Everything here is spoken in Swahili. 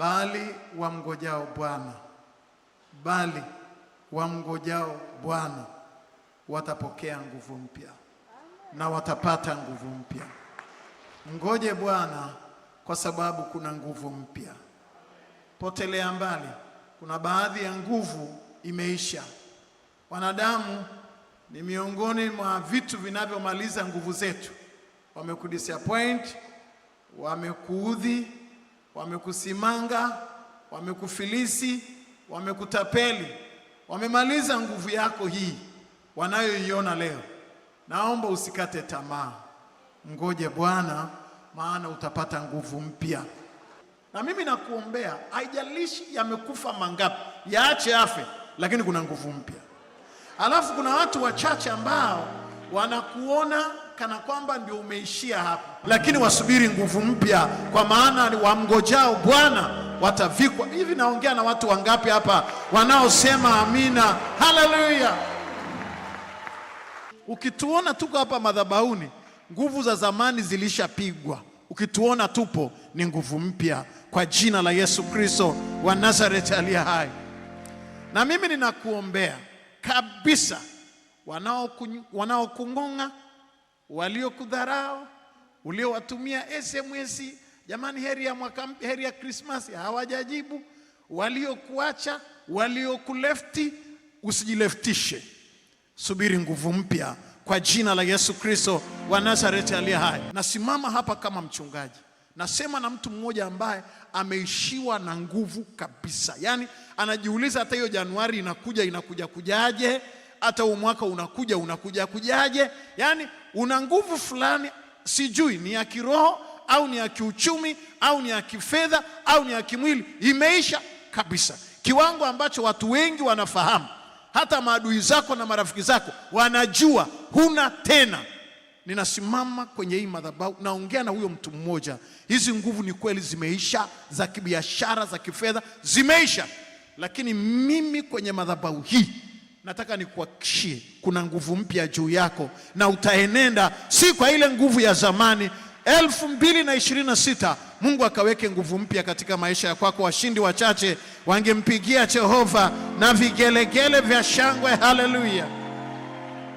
bali wamngojao Bwana, bali wamngojao Bwana watapokea nguvu mpya na watapata nguvu mpya. Mngoje Bwana kwa sababu kuna nguvu mpya. Potelea mbali, kuna baadhi ya nguvu imeisha. Wanadamu ni miongoni mwa vitu vinavyomaliza nguvu zetu. Wamekudisappoint, wamekuudhi wamekusimanga, wamekufilisi, wamekutapeli, wamemaliza nguvu yako hii wanayoiona leo. Naomba usikate tamaa, ngoje Bwana, maana utapata nguvu mpya. Na mimi nakuombea, haijalishi yamekufa mangapi, yaache afe, lakini kuna nguvu mpya. Alafu kuna watu wachache ambao wanakuona kana kwamba ndio umeishia hapa, lakini wasubiri nguvu mpya, kwa maana wamngojao Bwana watavikwa. Hivi naongea na watu wangapi hapa wanaosema amina, haleluya? Ukituona tuko hapa madhabahuni, nguvu za zamani zilishapigwa. Ukituona tupo, ni nguvu mpya kwa jina la Yesu Kristo wa Nazareti aliye hai. Na mimi ninakuombea kabisa, wanaokung'ong'a waliokudharau, uliowatumia SMS jamani, heri ya mwaka, heri ya Krismasi, hawajajibu waliokuacha, waliokulefti, usijileftishe. Subiri nguvu mpya kwa jina la Yesu Kristo wa Nazareti aliye hai. Nasimama hapa kama mchungaji, nasema na mtu mmoja ambaye ameishiwa na nguvu kabisa, yaani anajiuliza hata hiyo Januari inakuja inakuja kujaje? hata huu mwaka unakuja unakuja kujaje? Yaani una nguvu fulani, sijui ni ya kiroho au ni ya kiuchumi au ni ya kifedha au ni ya kimwili, imeisha kabisa, kiwango ambacho watu wengi wanafahamu, hata maadui zako na marafiki zako wanajua huna tena. Ninasimama kwenye hii madhabahu, naongea na huyo mtu mmoja, hizi nguvu ni kweli zimeisha, za kibiashara, za kifedha zimeisha, lakini mimi kwenye madhabahu hii nataka nikuhakikishie, kuna nguvu mpya juu yako na utaenenda si kwa ile nguvu ya zamani. elfu mbili na ishirini na sita Mungu akaweke nguvu mpya katika maisha ya kwako. Washindi wachache wangempigia Jehova na vigelegele vya shangwe. Haleluya!